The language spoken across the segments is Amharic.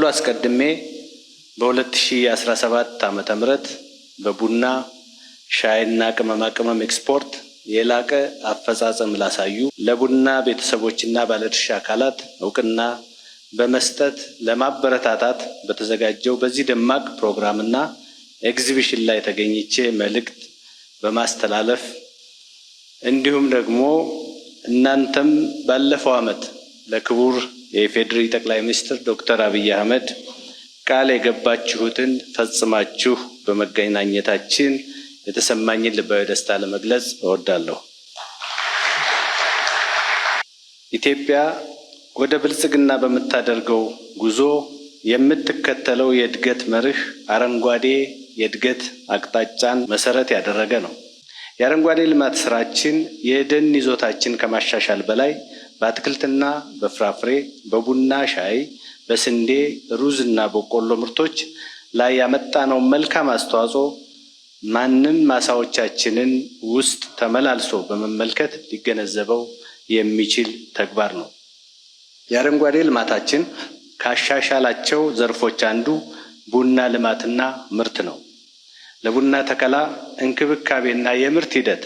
ሁሉ አስቀድሜ በ2017 ዓ ም በቡና ሻይና ቅመማ ቅመም ኤክስፖርት የላቀ አፈጻጸም ላሳዩ ለቡና ቤተሰቦችና ባለድርሻ አካላት እውቅና በመስጠት ለማበረታታት በተዘጋጀው በዚህ ደማቅ ፕሮግራምና ኤግዚቢሽን ላይ ተገኝቼ መልእክት በማስተላለፍ እንዲሁም ደግሞ እናንተም ባለፈው ዓመት ለክቡር የኢፌዴሪ ጠቅላይ ሚኒስትር ዶክተር አብይ አህመድ ቃል የገባችሁትን ፈጽማችሁ በመገናኘታችን የተሰማኝን ልባዊ ደስታ ለመግለጽ እወዳለሁ። ኢትዮጵያ ወደ ብልጽግና በምታደርገው ጉዞ የምትከተለው የእድገት መርህ አረንጓዴ የእድገት አቅጣጫን መሰረት ያደረገ ነው። የአረንጓዴ ልማት ስራችን የደን ይዞታችን ከማሻሻል በላይ በአትክልትና በፍራፍሬ፣ በቡና ሻይ፣ በስንዴ ሩዝ እና በቆሎ ምርቶች ላይ ያመጣነው መልካም አስተዋጽኦ ማንም ማሳዎቻችንን ውስጥ ተመላልሶ በመመልከት ሊገነዘበው የሚችል ተግባር ነው። የአረንጓዴ ልማታችን ካሻሻላቸው ዘርፎች አንዱ ቡና ልማትና ምርት ነው። ለቡና ተከላ እንክብካቤና የምርት ሂደት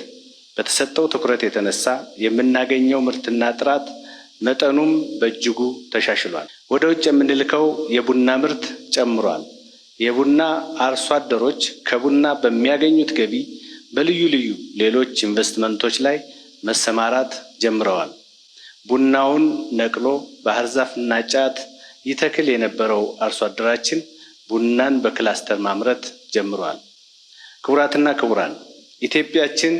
በተሰጠው ትኩረት የተነሳ የምናገኘው ምርትና ጥራት መጠኑም በእጅጉ ተሻሽሏል። ወደ ውጭ የምንልከው የቡና ምርት ጨምሯል። የቡና አርሶ አደሮች ከቡና በሚያገኙት ገቢ በልዩ ልዩ ሌሎች ኢንቨስትመንቶች ላይ መሰማራት ጀምረዋል። ቡናውን ነቅሎ ባህር ዛፍና ጫት ይተክል የነበረው አርሶ አደራችን ቡናን በክላስተር ማምረት ጀምረዋል። ክቡራትና ክቡራን ኢትዮጵያችን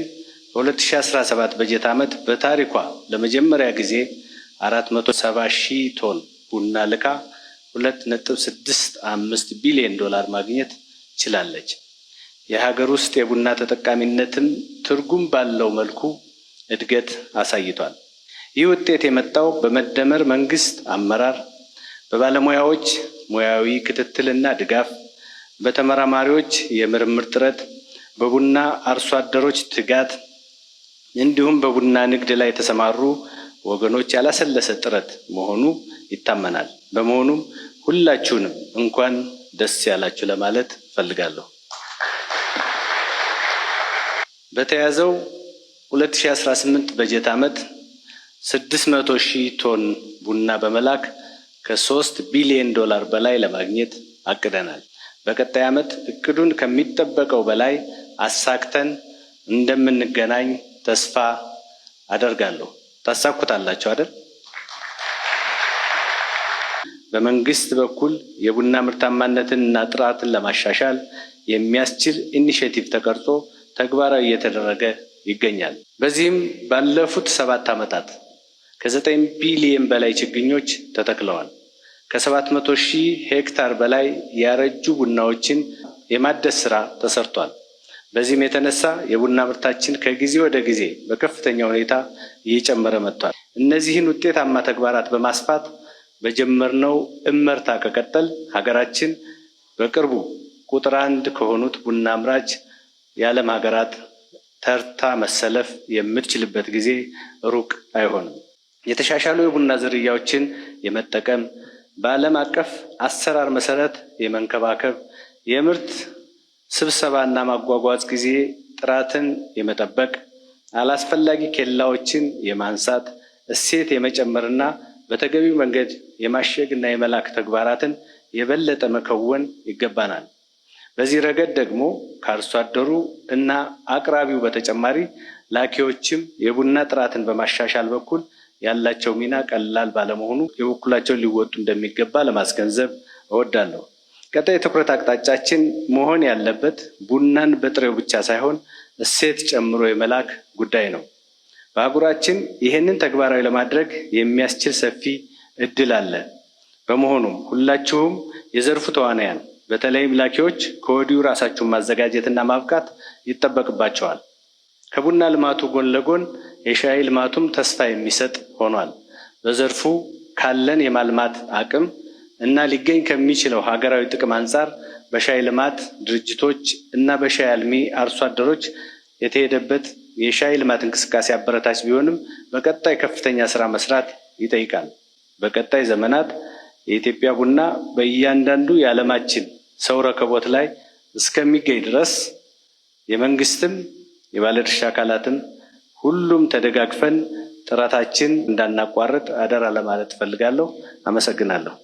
በ2017 በጀት ዓመት በታሪኳ ለመጀመሪያ ጊዜ 470 ሺህ ቶን ቡና ልካ 2.65 ቢሊዮን ዶላር ማግኘት ችላለች። የሀገር ውስጥ የቡና ተጠቃሚነትም ትርጉም ባለው መልኩ እድገት አሳይቷል። ይህ ውጤት የመጣው በመደመር መንግስት አመራር፣ በባለሙያዎች ሙያዊ ክትትልና ድጋፍ፣ በተመራማሪዎች የምርምር ጥረት፣ በቡና አርሶ አደሮች ትጋት እንዲሁም በቡና ንግድ ላይ የተሰማሩ ወገኖች ያላሰለሰ ጥረት መሆኑ ይታመናል። በመሆኑም ሁላችሁንም እንኳን ደስ ያላችሁ ለማለት ፈልጋለሁ። በተያዘው 2018 በጀት ዓመት 600 ሺህ ቶን ቡና በመላክ ከ3 ቢሊዮን ዶላር በላይ ለማግኘት አቅደናል። በቀጣይ ዓመት እቅዱን ከሚጠበቀው በላይ አሳክተን እንደምንገናኝ ተስፋ አደርጋለሁ። ታሳኩታላችሁ አይደል? በመንግስት በኩል የቡና ምርታማነትን እና ጥራትን ለማሻሻል የሚያስችል ኢኒሽቲቭ ተቀርጾ ተግባራዊ እየተደረገ ይገኛል። በዚህም ባለፉት ሰባት ዓመታት ከዘጠኝ ቢሊየን በላይ ችግኞች ተተክለዋል። ከሰባት መቶ ሺህ ሄክታር በላይ ያረጁ ቡናዎችን የማደስ ስራ ተሰርቷል። በዚህም የተነሳ የቡና ምርታችን ከጊዜ ወደ ጊዜ በከፍተኛ ሁኔታ እየጨመረ መጥቷል። እነዚህን ውጤታማ ተግባራት በማስፋት በጀመርነው እመርታ ከቀጠል ሀገራችን በቅርቡ ቁጥር አንድ ከሆኑት ቡና አምራች የዓለም ሀገራት ተርታ መሰለፍ የምትችልበት ጊዜ ሩቅ አይሆንም። የተሻሻሉ የቡና ዝርያዎችን የመጠቀም በዓለም አቀፍ አሰራር መሰረት የመንከባከብ የምርት ስብሰባና ማጓጓዝ ጊዜ ጥራትን የመጠበቅ አላስፈላጊ ኬላዎችን የማንሳት እሴት የመጨመርና በተገቢው መንገድ የማሸግና የመላክ ተግባራትን የበለጠ መከወን ይገባናል። በዚህ ረገድ ደግሞ ከአርሶ አደሩ እና አቅራቢው በተጨማሪ ላኪዎችም የቡና ጥራትን በማሻሻል በኩል ያላቸው ሚና ቀላል ባለመሆኑ የበኩላቸውን ሊወጡ እንደሚገባ ለማስገንዘብ እወዳለሁ። ቀጣይ የትኩረት አቅጣጫችን መሆን ያለበት ቡናን በጥሬው ብቻ ሳይሆን እሴት ጨምሮ የመላክ ጉዳይ ነው። በአህጉራችን ይህንን ተግባራዊ ለማድረግ የሚያስችል ሰፊ እድል አለ። በመሆኑም ሁላችሁም የዘርፉ ተዋናያን በተለይም ላኪዎች ከወዲሁ ራሳችሁን ማዘጋጀትና ማብቃት ይጠበቅባቸዋል። ከቡና ልማቱ ጎን ለጎን የሻይ ልማቱም ተስፋ የሚሰጥ ሆኗል። በዘርፉ ካለን የማልማት አቅም እና ሊገኝ ከሚችለው ሀገራዊ ጥቅም አንጻር በሻይ ልማት ድርጅቶች እና በሻይ አልሚ አርሶ አደሮች የተሄደበት የሻይ ልማት እንቅስቃሴ አበረታች ቢሆንም በቀጣይ ከፍተኛ ስራ መስራት ይጠይቃል። በቀጣይ ዘመናት የኢትዮጵያ ቡና በእያንዳንዱ የዓለማችን ሰው ረከቦት ላይ እስከሚገኝ ድረስ የመንግስትም የባለድርሻ አካላትም ሁሉም ተደጋግፈን ጥረታችን እንዳናቋርጥ አደራ ለማለት እፈልጋለሁ። አመሰግናለሁ።